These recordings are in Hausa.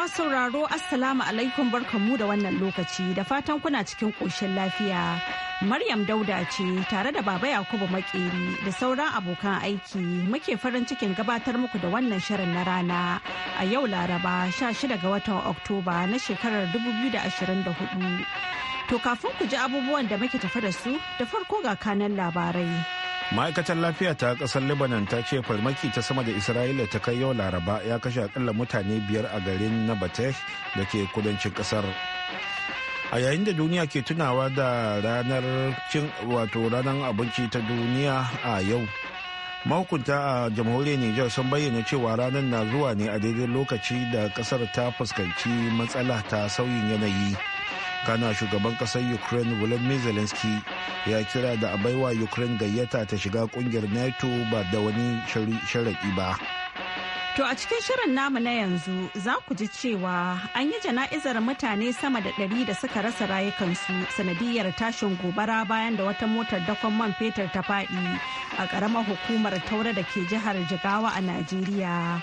Masu sauraro Assalamu alaikum barkamu da wannan lokaci da fatan kuna cikin koshin lafiya. Maryam Dauda ce tare da Baba Yakubu Makeri da sauran abokan aiki muke farin cikin gabatar muku da wannan shirin na rana a yau Laraba 16 ga watan Oktoba na shekarar 2024. To kafin ku ji abubuwan da muke tafi da su da farko ga kanan labarai. ma'aikatar lafiya ta kasar lebanon ta ce farmaki ta sama da isra'ila ta kai yau laraba ya kashe akalla mutane biyar a garin nabateh da ke kudancin kasar a yayin da duniya ke tunawa da ranar cin wato ranar abinci ta duniya a yau mahukunta a jamhuriyar niger sun bayyana cewa ranar na zuwa ne a daidai lokaci da kasar ta fuskanci matsala ta sauyin yanayi kana shugaban kasar ukraine volodymyr zelensky ya kira da a baiwa ukraine gayyata ta shiga kungiyar nato ba da wani sharaɗi ba To a cikin shirin namu na yanzu za ku ji cewa an yi jana'izar mutane sama da ɗari da suka rasa rayukansu sanadiyar tashin gobara bayan da wata motar dakon man fetur ta faɗi a ƙaramar hukumar taura da ke jihar Jigawa a Najeriya.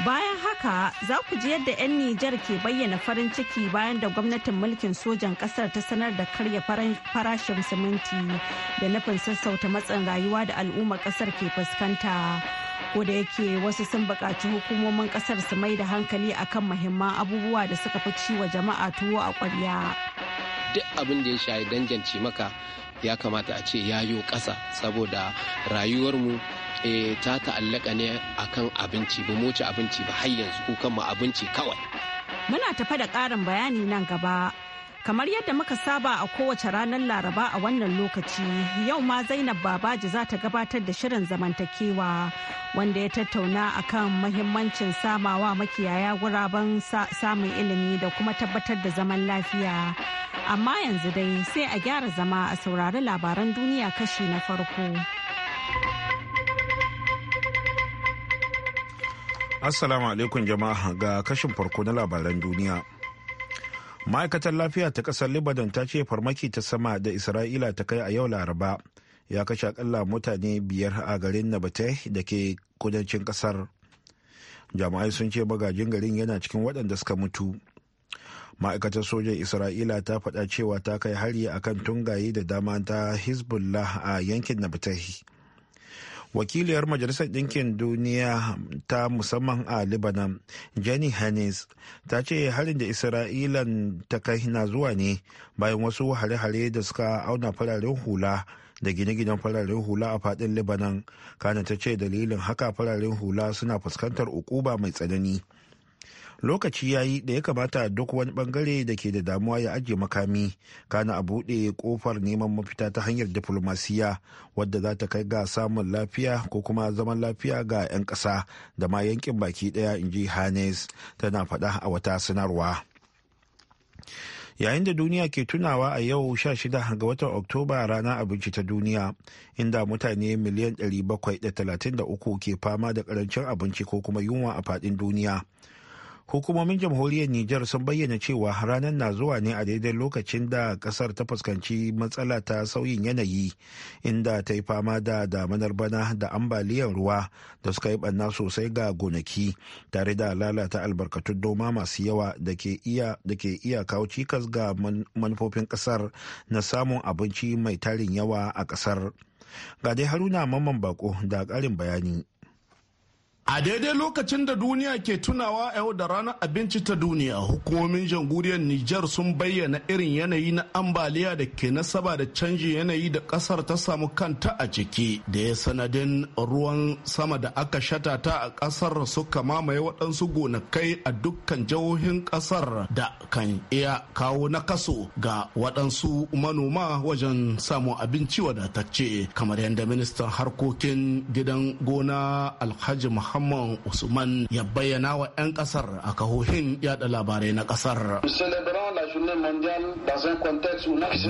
Bayan haka za ku ji yadda 'yan Nijar ke bayyana farin ciki bayan da gwamnatin mulkin sojan kasar ta sanar da karya farashin siminti da nufin sassauta matsin rayuwa da al'ummar kasar ke fuskanta. da yake wasu sun buƙaci hukumomin kasar su mai da hankali akan mahimman abubuwa da suka fi ciwa jama'a tuwo a ƙwarya. Duk abin da ya shayi danjanci maka ya kamata a ce yayo ƙasa saboda rayuwarmu e, ta ta'allaka ne akan abinci ba mu ci abinci ba har yanzu ko abinci kawai muna tafa da ƙarin bayani nan gaba Kamar yadda muka saba a kowace ranar Laraba a wannan lokaci, yau ma Zainab Babaji za ta gabatar da shirin zamantakewa wanda ya tattauna akan mahimmancin samawa makiyaya guraben samun ilimi da kuma tabbatar da zaman lafiya. Amma yanzu dai sai a gyara zama a saurari labaran duniya kashi na farko. Assalamu alaikum jama'a ga kashin farko na labaran duniya. ma'aikatar lafiya ta kasar libanon ta ce farmaki ta sama da isra'ila ta kai a yau laraba ya kashe akalla mutane biyar a garin nabate da ke kudancin kasar Jama'ai sun ce magajin garin yana cikin waɗanda suka mutu ma'aikatar sojan isra'ila ta faɗa cewa ta kai hari akan tungaye da dama ta hezbollah a yankin nabatahi wakiliyar majalisar ɗinkin duniya ta musamman a libanon jenny hannes ta ce harin da isra'ilan ta kai na zuwa ne bayan wasu hare-hare da suka auna fararen hula da gine-ginen fararen hula a fadin libanon kana ta ce dalilin haka fararen hula suna fuskantar ukuba mai tsanani lokaci ya yi da ya kamata duk wani bangare da ke da damuwa ya ajiye makami kana a buɗe kofar neman mafita ta hanyar diflomasiya wadda za ta kai ga samun lafiya ko kuma zaman lafiya ga 'yan ƙasa da ma yankin baki ɗaya in ji hannes tana faɗa a wata sanarwa yayin da duniya ke tunawa a yau 16 ga watan oktoba rana abinci ta duniya inda mutane miliyan 733 ke fama da karancin abinci ko kuma yunwa a fadin duniya hukumomin jamhuriyar Nijar sun bayyana cewa ranar na zuwa ne a daidai lokacin da kasar ta fuskanci matsala ta sauyin yanayi inda ta yi fama da damanar bana da ambaliyar ruwa da suka yi banna sosai ga gonaki tare da lalata albarkatun noma masu yawa da ke iya kawo cikas ga manufofin kasar na samun abinci mai tarin yawa a kasar. Ga dai Haruna Mamman Bako da karin bayani. A daidai lokacin da duniya ke tunawa yau da ranar abinci ta duniya, hukumomin jamhuriyar Nijar sun bayyana irin yanayi na ambaliya da ke nasaba da canji yanayi da kasar ta samu kanta a ciki, da ya sanadin ruwan sama da aka shata ta a kasar suka mamaye waɗansu gonakai a dukkan jihohin kasar da kan iya kawo nakaso ga waɗansu manoma wajen samun abinci wadatacce, kamar yadda ministan harkokin gidan gona Alhaji Muhammad Muhammad Usman ya bayyana wa 'yan kasar a kahohin yada labarai na kasar.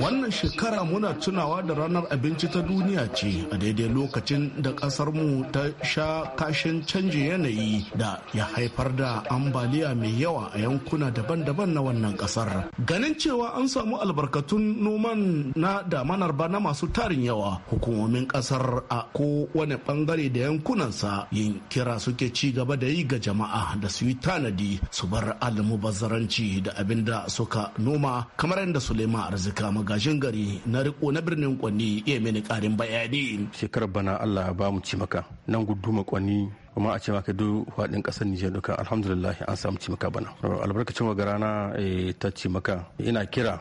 Wannan shekara muna tunawa da ranar abinci ta duniya ce a daidai lokacin da kasar mu ta sha kashin canji yanayi da ya haifar da ambaliya mai yawa a yankuna daban-daban na wannan kasar. Ganin cewa an samu albarkatun noman na damanar bana masu tarin yawa hukumomin kasar a kowane bangare da yankunansa yin kira suke ci gaba da yi ga jama'a da su yi tanadi su bar almubazzaranci da abin da suka noma kamar yadda Suleiman Arzika magajin gari na riko na birnin Kwanni iya mini karin bayani. Shekarar bana Allah ba mu ci maka nan guduma Kwanni kuma a ce maka duk faɗin ƙasar Nijar duka alhamdulillah an samu cimaka bana. Albarkacin wa rana eh, ta cimaka ina kira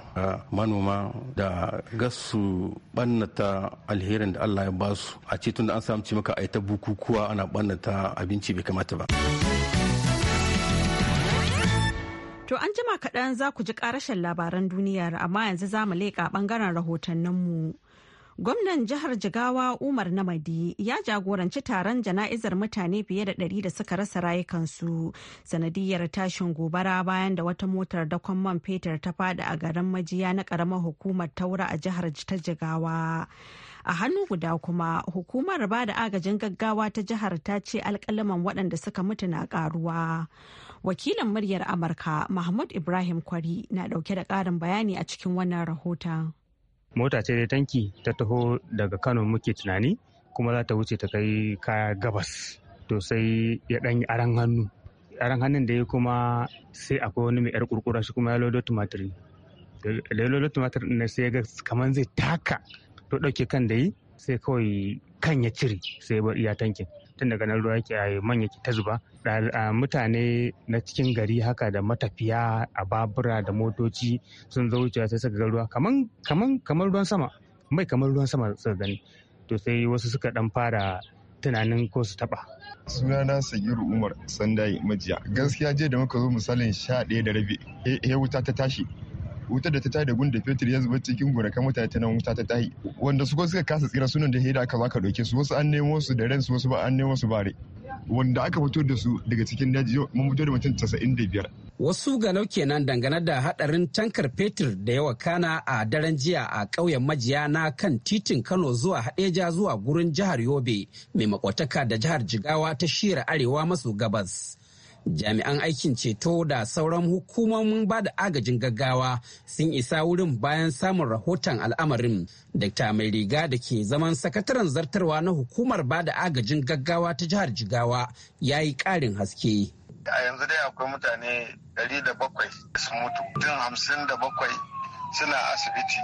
manoma da gasu bannata alherin da Allah ya basu a ce tun da an samu cimaka a ita bukukuwa ana bannata abinci bai kamata ba. To an jima kaɗan za ku ji ƙarashin labaran duniyar amma yanzu za mu leƙa ɓangaren rahotanninmu. Gwamnan jihar Jigawa Umar Namadi ya jagoranci taron jana'izar mutane fiye da ɗari da suka rasa rayukansu sanadiyar tashin gobara bayan da wata motar dakon man fetur ta fada a garin majiya na ƙaramar hukumar taura a jihar ta Jigawa. a hannu guda kuma hukumar ba da agajin gaggawa ta jihar ta ce alkalaman waɗanda suka mutu na ƙaruwa. wakilin muryar amurka mahmud ibrahim kwari na dauke da karin bayani a cikin wannan rahoton mota ce da tanki ta taho daga kano muke tunani kuma za ta wuce ta kai kaya gabas to sai ya dan yi aran hannu aran hannun da ya kuma sai akwai wani mai yar kurkura shi kuma ya lodo tumatiri da ya lodo tumatiri ne sai ya ga kamar zai taka to dauke kan da yi sai kawai kan ya cire sai ya bar iya tankin tun daga nan ruwa yake eh, man yake ta zuba eh, mutane na cikin gari haka da matafiya a babura da motoci sun zo wucewa sai suka ga ruwa kaman kaman kamar ruwan sama mai kamar ruwan sama suka gani to sai wasu suka dan fara tunanin ko su taba sunana sagiru umar sandai majiya gaskiya je da muka zo misalin sha ɗaya da rabi he wuta ta tashi wutar da ta tayi da gun da fetur ya zuba cikin kan mutane ta nan wuta ta tayi wanda su suka kasa tsira sunan da da aka zaka dauke su wasu an nemo su da ransu wasu ba an nemo su bare wanda aka fito da su daga cikin daji mun fito da mutum 95 wasu ga ganau kenan dangane da hadarin tankar fetur da yawa kana a daren jiya a ƙauyen majiya na kan titin kano zuwa hadeja zuwa gurin jihar yobe mai makwataka da jihar jigawa ta shira arewa maso gabas jami'an aikin ceto da sauran hukumomin ba da agajin gaggawa sun isa wurin bayan samun rahoton al'amarin dakta mai riga da ke zaman sakataren zartarwa na hukumar ba da agajin gaggawa ta jihar jigawa ya yi ƙarin haske a yanzu dai akwai mutane 700 sun mutu jin 57 suna asibiti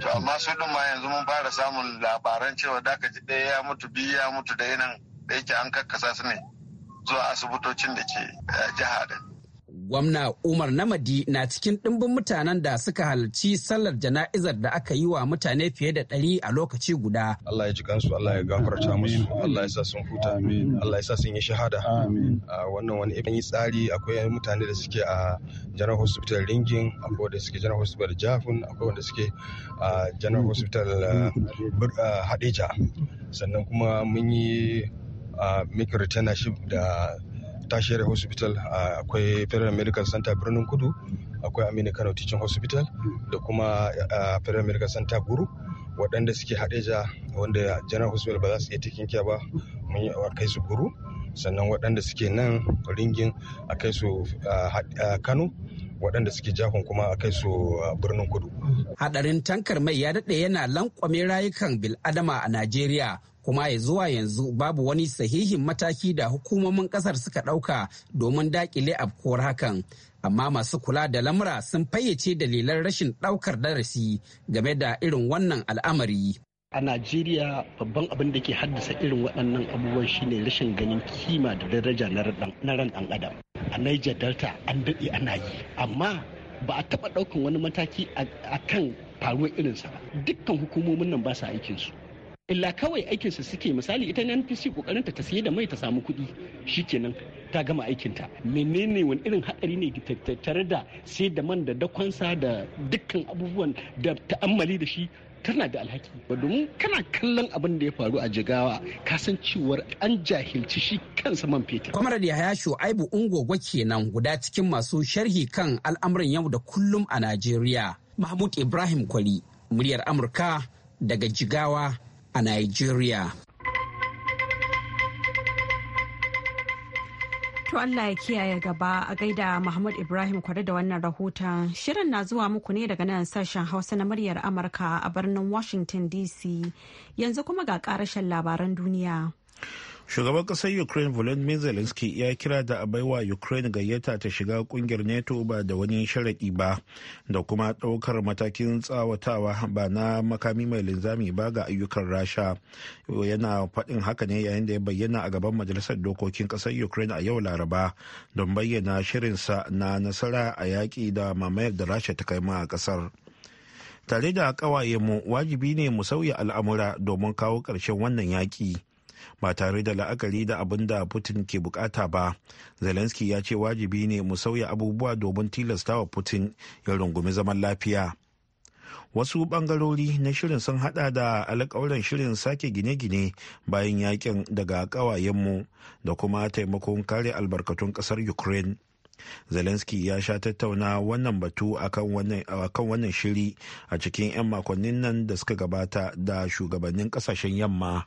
to amma su ma yanzu mun fara samun labaran cewa da ji ɗaya ya mutu biyu ya mutu da yanan da yake an kakkasa su ne zuwa asibitocin da ke eh, jiha din. Gwamna Umar Namadi na cikin ɗimbin mutanen da suka halarci sallar jana'izar da aka yi wa mutane fiye da ɗari a lokaci guda. Allah ya ji kansu, Allah ya gafarta musu, Allah ya sa sun huta, Allah ya sa sun yi shahada. Wannan wani ibin tsari akwai mutane da suke a General Hospital Ringin, akwai wanda suke General Hospital Jafun, akwai wanda suke a General Hospital eh, eh, Hadeja. Sannan kuma mun yi a make returnership da tashiyar hospital akwai federal medical center birnin kudu akwai aminu kano teaching hospital da kuma federal medical center guru waɗanda suke haɗeja wanda general hospital ba za su iya taking care ba mun yi a kai su guru sannan waɗanda suke nan ringin a kai su kano waɗanda suke jafin kuma a kai su birnin kudu. Hadarin tankar mai ya daɗe yana lankwame rayukan bil'adama a Najeriya kuma ya zuwa yanzu babu wani sahihin mataki da hukumomin kasar suka ɗauka domin dakile afkuwar hakan amma masu kula da lamura sun fayyace dalilan rashin ɗaukar darasi game da irin wannan al'amari a najeriya babban abin da ke haddasa irin waɗannan abubuwan shine rashin ganin kima da daraja na ran ɗan adam a niger delta an daɗe ana yi amma ba a taɓa ɗaukan wani mataki a kan faruwar irinsa ba dukkan hukumomin nan ba su aikinsu illa kawai aikinsa suke misali ita npc kokarinta ta siye da mai ta samu kuɗi kenan ta gama aikinta menene wani irin haɗari ne tare da sai da man da dakonsa da dukkan abubuwan da ta'ammali da shi tana da alhaki ba domin kana kallon abin da ya faru a jigawa kasan cewar an jahilci shi kansa man fetur. kwamar da ya ungo ungogwa kenan guda cikin masu sharhi kan al'amuran yau da kullum a najeriya mahmud ibrahim kwali muryar amurka daga jigawa a Nigeria. To Allah ya kiyaye gaba a gaida Muhammad Ibrahim kwada da wannan rahoton. Shirin na zuwa muku ne daga nan sashen Hausa na muryar Amurka a birnin Washington DC. Yanzu kuma ga karashen labaran duniya. shugaban kasar ukraine volodymyr zelensky ya kira da a baiwa ukraine gayyata ta shiga kungiyar NATO ba da wani sharaɗi ba da kuma ɗaukar matakin tsawatawa ba na makami mai linzami ba ga ayyukan rasha yana faɗin haka ne yayin da ya bayyana a gaban majalisar dokokin kasar ukraine a yau laraba don bayyana shirinsa na nasara a yaƙi da mamayar da rasha ta kai ma a ƙasar. tare da mu wajibi ne mu sauya al'amura domin kawo ƙarshen wannan yaƙi ba tare da la'akari da abin da putin ke bukata ba zelensky ya ce wajibi ne mu sauya abubuwa domin tilasta wa putin ya rungumi zaman lafiya wasu bangarori na shirin sun hada da alƙawuran shirin sake gine-gine bayan yakin daga ƙawayenmu da kuma taimakon kare albarkatun ƙasar ukraine zelensky ya sha tattauna wannan batu akan wannan shiri a cikin 'yan makonnin nan da suka gabata da shugabannin ƙasashen yamma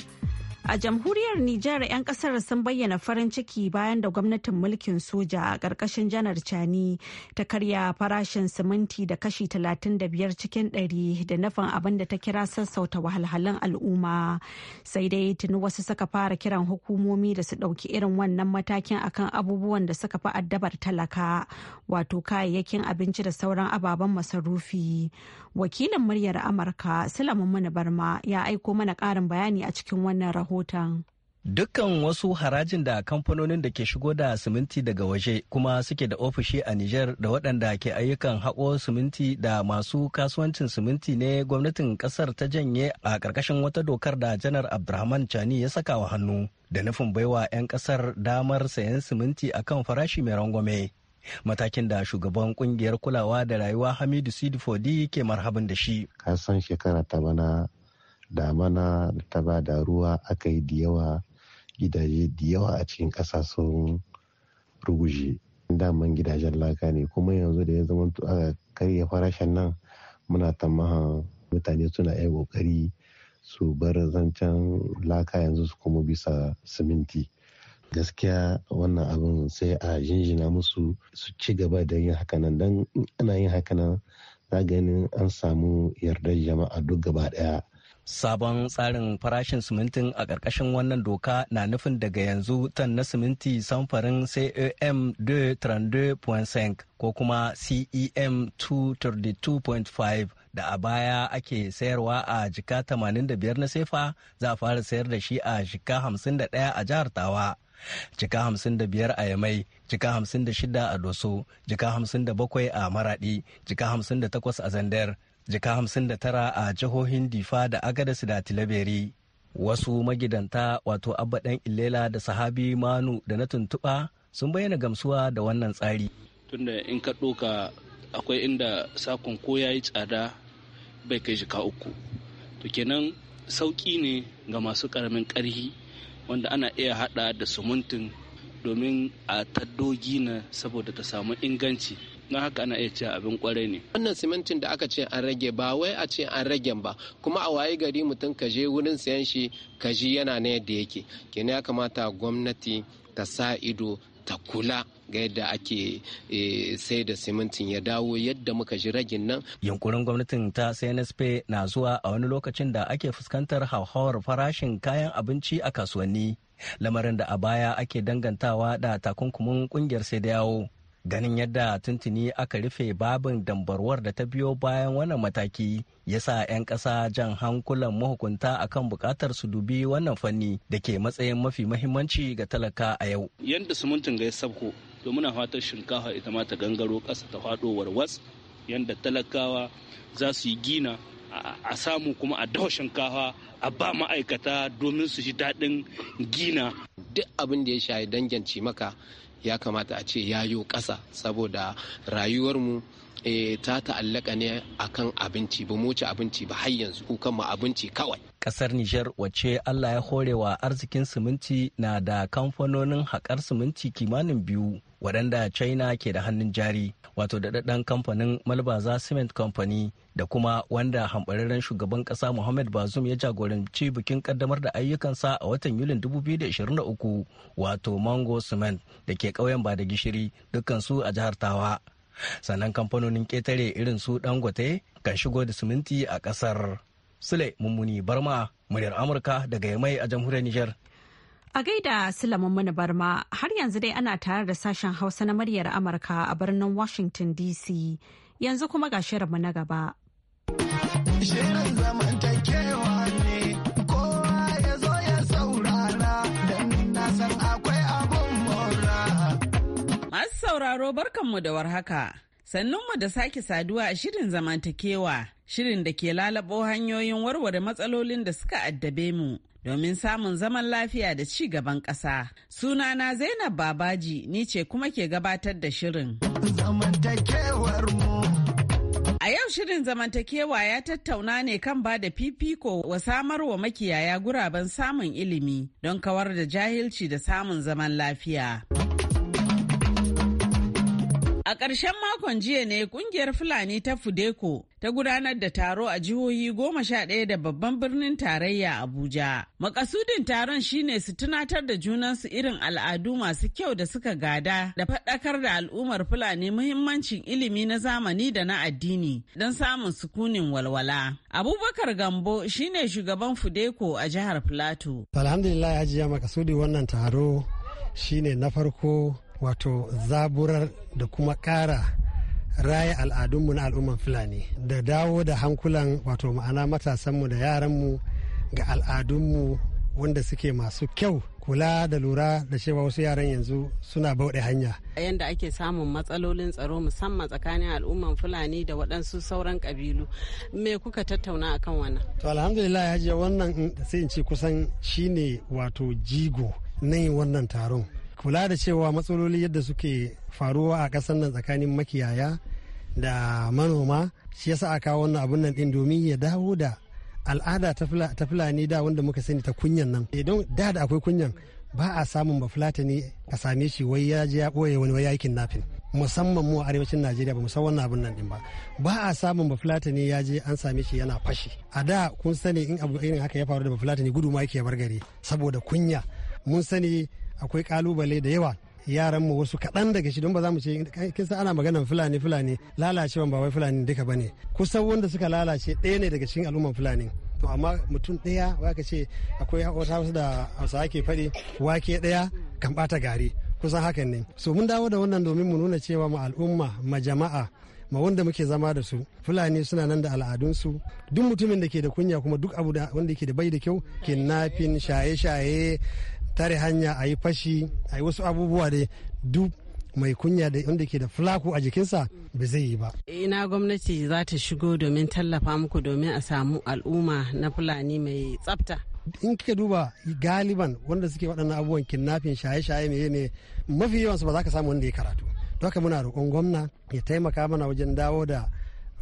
A jamhuriyar Nijar 'yan kasar sun bayyana farin ciki bayan da gwamnatin mulkin soja a ƙarƙashin janar Cani ta karya farashin siminti da kashi 35 cikin 100 da nufin abin da ta kira sassauta wahalhalun al'umma. Sai dai tuni wasu suka fara kiran hukumomi da su ɗauki irin wannan matakin akan abubuwan da suka fi addabar talaka wato kayayyakin abinci da sauran ababen masarufi. Wakilin muryar Amurka Sulaiman Manabarma, ya aiko mana ƙarin bayani a cikin wannan rahoton. rahoton. Dukkan wasu harajin da kamfanonin da ke shigo da siminti daga waje kuma suke da ofishi a Nijar da waɗanda ke ayyukan haƙo siminti da masu kasuwancin siminti ne gwamnatin ƙasar ta janye a ƙarƙashin wata dokar da janar Abdurrahman Chani ya saka wa hannu da nufin baiwa 'yan ƙasar damar sayan siminti a kan farashi mai rangwame. matakin da shugaban kungiyar kulawa da rayuwa hamidu sidifodi ke marhabin da shi kasan shekara ta bana damana da ta ba da ruwa aka yi da yawa gidaje da yawa a cikin ƙasa sun ruguje daman gidajen laka ne kuma yanzu da ya zama aka karya farashin nan muna ta tamahan mutane suna iya ƙoƙari su bar zancen laka yanzu su kuma bisa siminti gaskiya wannan abin sai a jinjina musu su ci gaba da yin hakanan don ana yin hakanan za ganin an samu yardar jama'a duk gaba daya Sabon tsarin farashin simintin a ƙarƙashin wannan doka na nufin daga yanzu tan na siminti samfarin CAM 232.5 ko kuma CEM 232.5 da a baya ake sayarwa a jika 85 na sefa za a fara sayar da shi a jika 51 a jihar Tawa. jika 55 a yamai jika 56 a doso jika 57 a maradi jika 58 a zandar jika tara a jihohin difa da agadas da tilaberi wasu magidanta wato abba dan ilela da sahabi manu da na tuntuba sun bayyana gamsuwa da wannan tsari tunda in ka ɗoka akwai inda sakon ko ya yi tsada bai kai jika uku to kenan sauƙi ne ga masu ƙaramin ƙarhi wanda ana iya haɗa da sumuntin domin a taddo gina saboda ta samu inganci na haka ana iya cewa abin kwarai ne. Wannan simintin da aka ce an rage ba wai a ce an ragen ba kuma a waye gari mutum ka je wurin sayan shi ka ji yana na yadda yake. Kenan ya kamata gwamnati ta sa ido ta kula ga yadda ake eh, sai da simintin ya dawo yadda muka ji ragin nan. Yunkurin gwamnatin ta CNSP na zuwa a wani lokacin da ake fuskantar hauhawar farashin kayan abinci a kasuwanni. lamarin da a baya ake dangantawa da takunkumin kungiyar sai da yawo ganin yadda tuntuni aka rufe babin dambarwar da ta biyo bayan wannan mataki ya sa 'yan ƙasa jan hankulan mahukunta a kan buƙatar su dubi wannan fanni da ke matsayin mafi mahimmanci ga talaka a yau yadda sumuntin ga ya sabko to muna fatan shinkafa ita ma ta gangaro ƙasa ta faɗowar was yadda talakawa za su yi gina a samu kuma a dawa shinkafa a ba ma'aikata domin su ji daɗin gina duk abin da ya shayi dangin maka ya kamata a ce yayo ƙasa saboda rayuwarmu e, ta ta'allaka ne akan abinci ba moci abinci ba har yanzu kukan mu abinci kawai kasar Nijar wace Allah ya horewa arzikin siminti na da kamfanonin haƙar siminti kimanin biyu waɗanda china ke da hannun jari wato daɗaɗɗen kamfanin malbaza cement company da kuma wanda hambararren shugaban ƙasa muhammad bazum ya jagoranci bikin ƙaddamar da ayyukansa a watan yulin 2023 wato mango cement da ke ƙauyen ba da gishiri dukkansu a jihar tawa sannan kamfanonin ƙetare irin su dangote kan shigo da siminti a ƙasar sule mummuni barma muryar amurka daga yamai a jamhuriyar niger A gaida Sulaiman Mani Barma har yanzu dai ana tare da sashen Hausa na muryar Amurka a birnin Washington DC yanzu kuma ga shirinmu na gaba. Shirin zamantakewa ne kowa ya ya saurara akwai Masu sauraro barkanmu da warhaka. Sannunmu da sake saduwa a shirin zamantakewa, shirin da ke lalabo hanyoyin warware matsalolin da suka addabe mu domin samun zaman lafiya da ci gaban ƙasa. Sunana Zainab Babaji ni ce kuma ke gabatar da shirin. A yau shirin zamantakewa ya tattauna ne kan ba da fifiko wa samar wa makiyaya guraben samun ilimi don kawar da jahilci da samun zaman lafiya. A ƙarshen makon jiya ne ƙungiyar Fulani ta Fudeko ta gudanar da taro a jihohi goma sha ɗaya da babban birnin tarayya Abuja. Makasudin taron shine su tunatar da junansu irin al'adu masu kyau da suka gada da faɗakar da al'ummar Fulani muhimmancin ilimi na zamani da na addini don samun sukunin walwala. Abubakar Gambo shine shugaban Fudeko a jihar Filato. Alhamdulillah ya makasudi wannan taro shine na farko wato zaburar da kuma ƙara raya al'adunmu na al'umman fulani da dawo da hankulan wato ma'ana matasanmu da yaranmu ga al'adunmu wanda suke masu kyau kula da lura da cewa wasu yaran yanzu suna bauɗe hanya. yadda ake samun matsalolin tsaro musamman tsakanin al'umman fulani da waɗansu sauran ƙabilu me kuka tattauna akan wannan to alhamdulillah ya wannan sai in ce kusan shine wato jigo na yin wannan taron kula da cewa matsaloli yadda suke faruwa a ƙasar nan tsakanin makiyaya da manoma shi yasa a kawo wannan abun nan ɗin domin ya dawo da al'ada ta fulani da wanda muka sani ta kunyan nan idan eh, da da akwai kunyan ba a samun ba fulatani a same shi wai ya je ya ɓoye wani wai yakin nafin musamman mu a arewacin najeriya ba san wannan abun nan ɗin ba ba a samun ba ne ya je an same shi yana fashi a da kun sani in abu irin haka ya faru da ba ne gudu ma yake bar gari saboda kunya mun sani akwai kalubale da yawa yaran mu wasu kaɗan daga shi don ba za mu ce kin san ana maganar fulani fulani lalacewan ba wai fulani duka bane kusan wanda suka lalace ɗaya ne daga cikin al'umman fulani to amma mutum ɗaya ka ce akwai wasu da hausa ake faɗi wake ɗaya kan bata gari kusan hakan ne so mun dawo da wannan domin mu nuna cewa mu al'umma ma jama'a ma wanda muke zama da su fulani suna nan da al'adunsu duk mutumin da ke da kunya kuma duk abu da wanda ke da bai da kyau kinnafin shaye-shaye tare hanya a yi fashi a yi wasu abubuwa da duk mai kunya da wanda ke da fulaku a jikinsa ba zai yi ba. Ina gwamnati za ta shigo domin tallafa muku domin a samu al'umma na Fulani mai tsafta. In kika duba galiban wanda suke waɗannan abubuwan kinnafin shaye-shaye mai ne mafi yawansu ba za ka samu wanda ya karatu. Doka muna roƙon gwamna ya taimaka mana wajen dawo da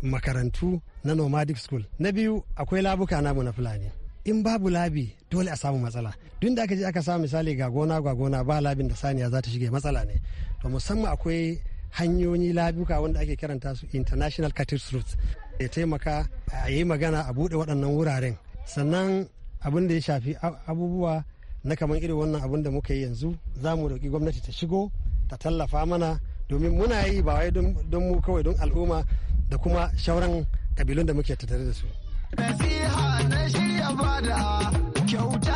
makarantu na nomadic school. Na biyu akwai labuka namu na Fulani. in babu labi dole a samu matsala duk da aka je aka samu misali ga gona ga gona ba labin da saniya za ta shige matsala ne to musamman akwai hanyoyi labuka wanda ake kiranta su international cattle routes ya taimaka a yi magana a bude waɗannan wuraren sannan abin da ya shafi abubuwa na kamar irin wannan abin da muka yi yanzu za mu roƙi gwamnati ta shigo ta tallafa mana domin muna yi ba wai don mu kawai don al'umma da kuma shauran kabilun da muke tattare da su. bada kyauta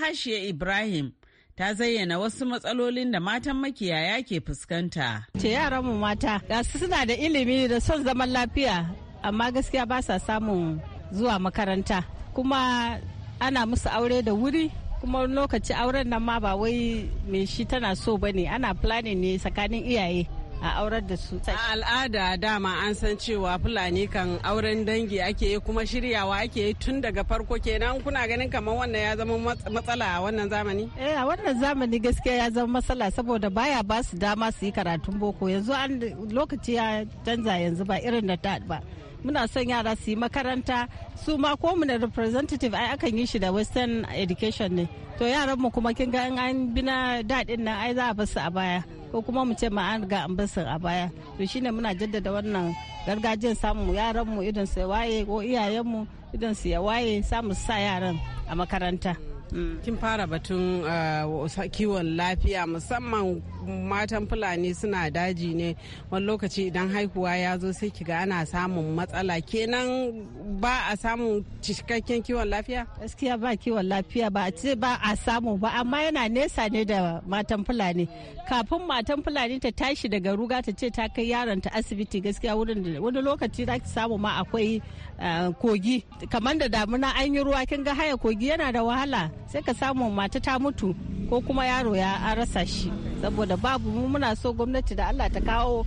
Hashiya Ibrahim ta zayyana wasu matsalolin da matan makiyaya ke fuskanta. Ce yaran mu mata, gasu suna da ilimi da son zaman lafiya, amma gaskiya ba sa samun zuwa makaranta. Kuma ana musu aure da wuri, kuma lokaci auren nan ma ba wai mai shi tana so ne ana planning ne tsakanin iyaye. a aurar da su. A al'ada dama an san cewa Fulani kan auren dangi ake yi kuma shiryawa ake yi tun daga farko kenan kuna ganin kamar wannan ya zama matsala a wannan zamani? Eh a wannan zamani gaskiya ya zama matsala saboda baya ba su dama su yi karatun boko yanzu an lokaci ya canza yanzu ba irin da ta ba. muna son yara su yi makaranta su ma ko mu da representative ai akan yi shi da western education ne to yaran mu kuma kin ga an bi na daɗin nan ai za a basu a baya ko kuma mu ce ma an ga an basu a baya to shine muna jaddada wannan gargajiyar samu yaran mu idan su waye ko iyayen mu idan su ya waye samu sa yaran a makaranta Mm. kin fara batun uh, kiwon lafiya musamman matan fulani suna daji ne wani lokaci idan haihuwa ya zo sai kiga ana samun matsala kenan ba a samun cikakken kiwon lafiya gaskiya ba kiwon lafiya ba a ce ba a samu ba amma yana nesa ne da matan fulani kafin matan fulani ta tashi daga ruga ta ce ta kai yaron ta asibiti gaskiya wani lokaci za ki samu ma akwai uh, kogi kamar da damuna an yi ruwa kin ga haya kogi yana da wahala sai ka samu mata ta mutu ko kuma yaro ya an rasa shi saboda babu mu muna so gwamnati da allah ta kawo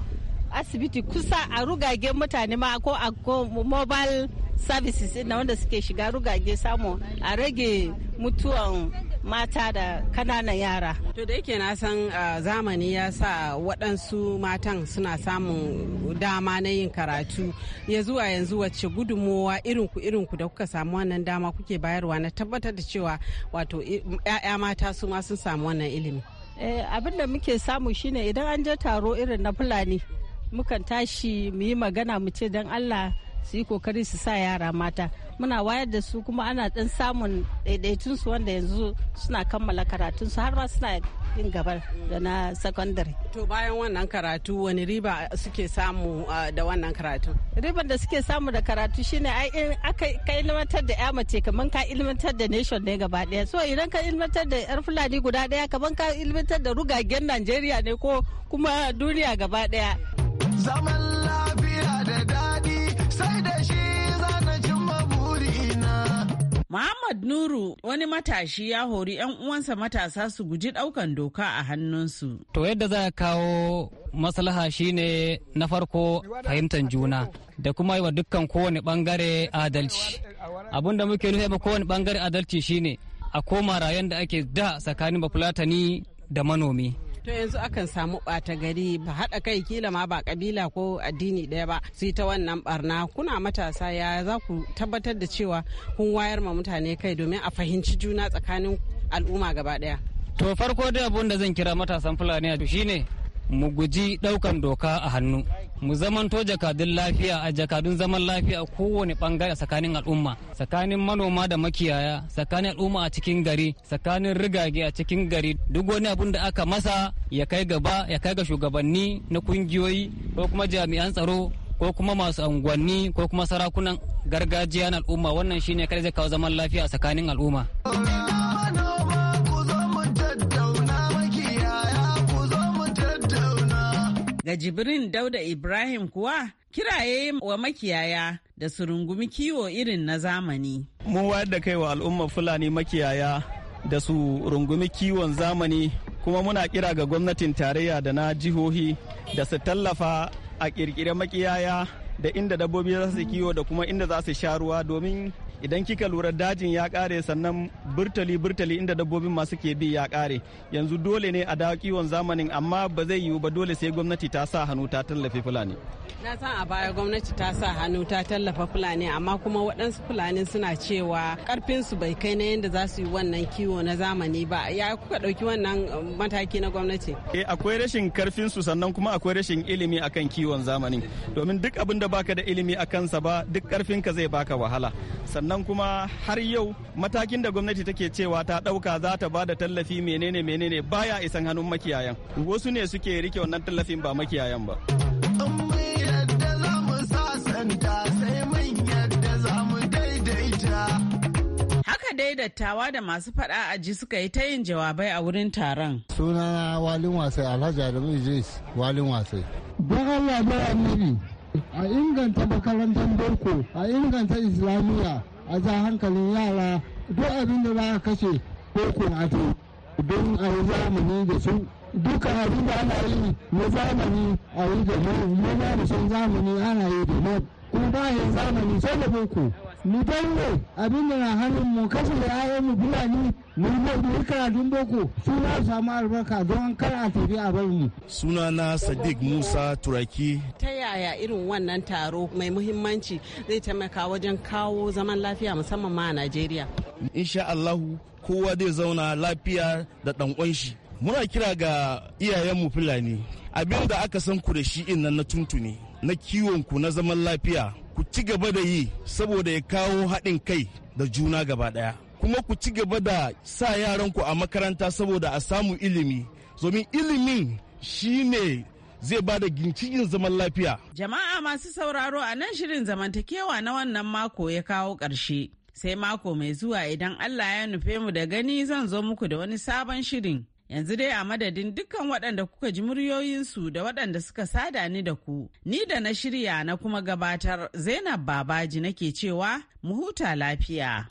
asibiti kusa a rugage mutane ma ko a mobile services na wanda suke shiga rugage samu a rage mutuwan mata da kananan yara. To da yake na san zamani ya sa waɗansu matan suna samun dama na yin karatu ya zuwa yanzu wacce gudunmowa irinku irinku da kuka samu wannan dama kuke bayarwa na tabbatar da cewa wato 'ya'ya mata su ma sun samu wannan ilimi. Eh, abin da muke samu shine idan an je taro irin na Fulani mukan tashi mu yi magana mu ce don Allah su yi kokari su sa yara mata muna wayar da su kuma ana dan samun daidaitun su wanda yanzu suna kammala karatun su har ma suna yin gabar da na secondary to bayan wannan karatu wani riba suke samu da wannan karatu riban da suke samu da karatu shine ai in aka ka ilmantar da ya mace kaman ka ilmantar da nation ne gaba daya so idan ka ilmantar da yar fulani guda daya kaman ka ilmantar da rugagen Najeriya ne ko kuma duniya gaba daya zaman Muhammad Nuru wani matashi ya hori 'yan uwansa matasa su guji ɗaukan doka a hannunsu. To yadda za a kawo maslaha shine na farko fahimtar juna da kuma yi wa dukkan kowane bangare adalci. Abin da muke nufi ba kowane bangare adalci shine a koma rayan da ake da tsakanin bafulatani da manomi. To yanzu akan samu ɓata gari ba haɗa kai kila ma ba kabila ko addini ɗaya ba su ta wannan barna kuna matasa ya za ku tabbatar da cewa kun wayar ma mutane kai domin a fahimci juna tsakanin al'umma gaba ɗaya. To farko dai abun da zan kira matasan Fulani shine mu guji daukan doka a hannu mu zamanto jakadun lafiya a jakadun zaman lafiya a kowane bangare tsakanin al'umma tsakanin manoma da makiyaya tsakanin al'umma a cikin gari tsakanin rigage a cikin gari duk wani abun da aka masa ya kai gaba ya kai ga shugabanni na kungiyoyi ko kuma jami'an tsaro ko kuma masu unguwanni ko kuma sarakunan gargajiya na al'umma wannan shine kai zai kawo zaman lafiya a tsakanin al'umma. Ga Jibrin Dauda Ibrahim kuwa kiraye wa makiyaya da su rungumi kiwo irin na zamani. Mun wayar da kai wa al'umma Fulani makiyaya da su rungumi kiwon zamani kuma muna kira ga gwamnatin tarayya da na jihohi da su tallafa a kirkire makiyaya da inda dabbobi za su kiwo da kuma inda za su sha ruwa domin idan kika lura dajin ya kare sannan birtali burtali inda dabbobin masu ke bi ya kare yanzu dole ne a dawo kiwon zamanin amma ba zai yiwu ba dole sai gwamnati ta sa hannu ta tallafe fulani na san a baya gwamnati ta sa hannu ta tallafa fulani amma kuma waɗansu fulani suna cewa su bai kai na yadda za su yi wannan kiwo na zamani ba ya kuka ɗauki wannan um, mataki na gwamnati eh akwai rashin karfinsu sannan kuma akwai rashin ilimi akan kiwon zamani domin duk abin da baka da ilimi akan sa ba duk ka zai baka wahala sannan sannan kuma har yau matakin da gwamnati take cewa ta dauka za ta ba da tallafi menene menene baya isan hannun makiyayan wasu ne suke rike wannan tallafin ba makiyayan ba. dai dattawa da masu fada a ji suka yi ta yin jawabai a wurin taron. Suna walin wasai Alhaji Adamu Idris walin wasai. Don Allah bai a inganta makarantar boko a inganta islamiyya a ja hankalin yara duk abin da za a kashe ko ake don a yi zamani da su duka abin da ana yi na zamani a yi da mu mu ba mu zamani ana yi da mu kuma yi zamani sai da boko mu danne abin da na hannun mu kashe da mu mu fulani mu yi karatun boko suna samu albarka don kar a tafi a bar mu. suna na sadiq musa turaki ta yaya irin wannan taro mai muhimmanci zai taimaka wajen kawo zaman lafiya musamman ma a najeriya insha allahu kowa zai zauna lafiya da ɗan shi muna kira ga iyayenmu fulani abin da aka san ku da shi in nan na tuntuni na kiwon ku na zaman lafiya ku ci gaba da yi saboda ya kawo haɗin kai da juna gaba ɗaya kuma ku ci gaba da sa yaranku a makaranta saboda a samu ilimi domin ilimin shi ne zai ba da gincikin zaman lafiya. Jama'a masu sauraro a nan shirin zamantakewa na wannan mako ya kawo ƙarshe. Sai mako mai zuwa idan Allah ya nufe mu da gani zan zo muku da wani sabon shirin. Yanzu dai a madadin dukkan waɗanda kuka ji muryoyinsu da waɗanda suka sada ni da ku, ni da na shirya na kuma gabatar Zainab Babaji nake cewa mu huta lafiya.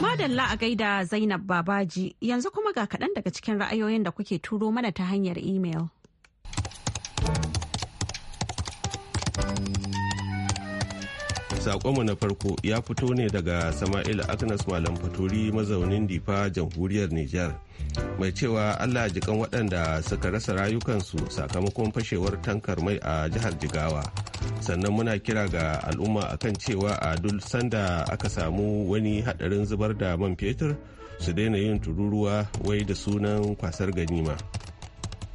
Madalla a gaida Zainab Babaji yanzu kuma ga kaɗan daga cikin ra'ayoyin da kuke turo mana ta hanyar imel. Sakonmu na farko ya fito ne daga Sama'il aknas Malam Fatori mazaunin Difa jamhuriyar niger Mai cewa Allah jikan waɗanda suka rasa rayukansu sakamakon fashewar tankar mai a jihar Jigawa. Sannan muna kira ga al'umma akan cewa a duk sanda aka samu wani haɗarin zubar da man fetur su daina yin tururuwa wai da sunan kwasar ganima.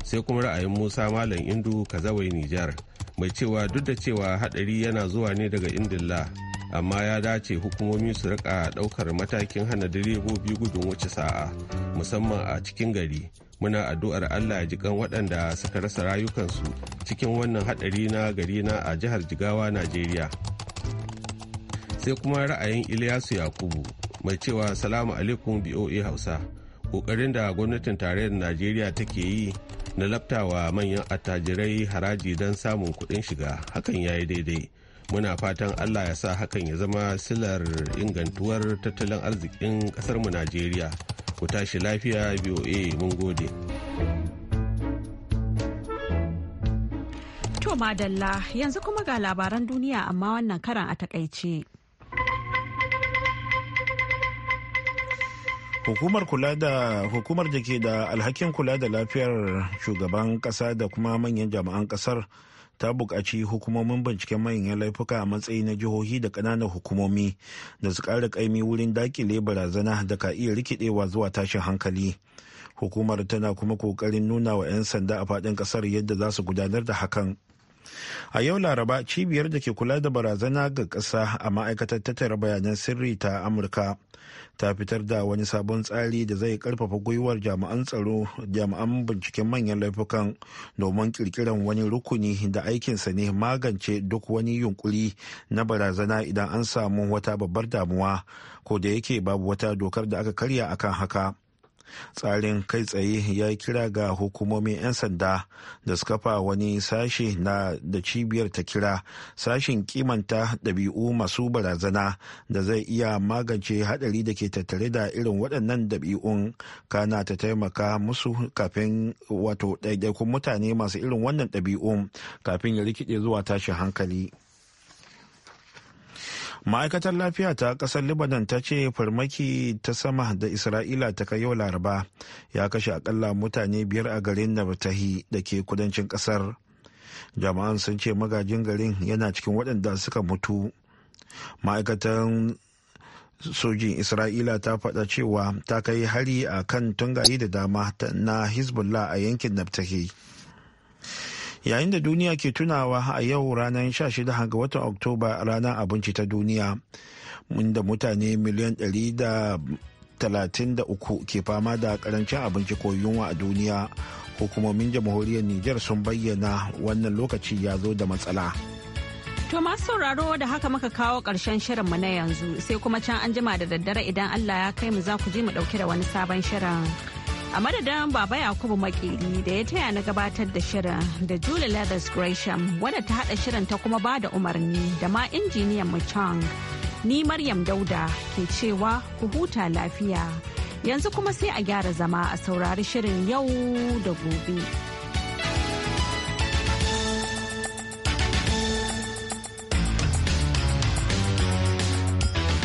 Sai kuma ra'ayin Musa Malam Indu zawai Nijar. mai cewa duk da cewa hadari yana zuwa ne daga indilla amma ya dace hukumomi su rika daukar matakin hana direbobi gudun wuce sa'a musamman a cikin gari muna addu'ar allah ya jikan waɗanda suka rasa rayukansu cikin wannan hadari na gari na a jihar jigawa najeriya sai kuma ra'ayin iliyasu yakubu mai cewa salamu alaikum boa hausa ƙoƙarin da gwamnatin tarayyar najeriya take yi na laftawa manyan attajirai haraji don samun kuɗin shiga hakan ya yi daidai muna fatan allah ya sa hakan ya zama silar ingantuwar tattalin arzikin ƙasarmu najeriya ku tashi lafiya voa mun gode to madalla yanzu kuma ga labaran duniya amma wannan karan a takaice. hukumar kula da hukumar da ke da alhakin kula da lafiyar shugaban kasa da kuma manyan jami'an kasar ta buƙaci hukumomin binciken manyan laifuka a matsayi na jihohi da ƙananan hukumomi da su ƙara ƙaimi wurin dakile barazana da ka iya rikidewa zuwa tashin hankali hukumar tana kuma ƙoƙarin nuna wa 'yan sanda a faɗin ƙasar yadda za su gudanar da hakan a yau laraba cibiyar da ke kula da barazana ga ƙasa a ma'aikatar tattara bayanan sirri ta amurka ta fitar da wani sabon tsari da zai karfafa gwiwar jami'an tsaro jami'an binciken manyan laifukan domin kirkiran wani rukuni da aikinsa ne magance duk wani yunkuri na barazana idan an samu wata babbar damuwa ko da yake babu wata dokar da aka karya akan haka tsarin kai tsaye ya kira ga hukumomin 'yan sanda da su kafa wani sashe na da cibiyar ta kira sashin kimanta ɗabi'u masu barazana da zai iya magance haɗari da ke tattare da irin waɗannan ɗabi'un kana ta taimaka musu kafin wato ɗaiɗaikun mutane masu irin wannan ɗabi'un kafin ya rikide zuwa tashi hankali. ma'aikatar lafiya ta kasar libanon ta ce farmaki ta sama da isra'ila ta kai yau laraba ya kashe akalla mutane biyar a garin nabatahi da ke kudancin kasar jama'an sun ce magajin garin yana cikin waɗanda suka mutu ma'aikatan sojin isra'ila ta faɗa cewa ta kai hari a kan tungaye da dama na hezbollah a yankin nabtahi yayin da duniya ke tunawa a yau ranar 16 ga watan oktoba ranar abinci ta duniya inda mutane miliyan 133 ke fama da karancin abinci ko yunwa a duniya hukumomin jamhuriyar niger sun bayyana wannan lokaci ya zo da matsala To masu sauraro da haka muka kawo ƙarshen mu na yanzu sai kuma can an jima da daddare idan Allah ya kai mu za ku ji mu ɗauke da wani sabon shirin. a madadin baba yakubu makeri da ya taya na gabatar da shirin da julie leathers gresham wadda ta hada shirin ta kuma ba da umarni da ma injiniyan mu chang ni maryam dauda ke cewa ku huta lafiya yanzu kuma sai a gyara zama a saurari shirin yau da gobe.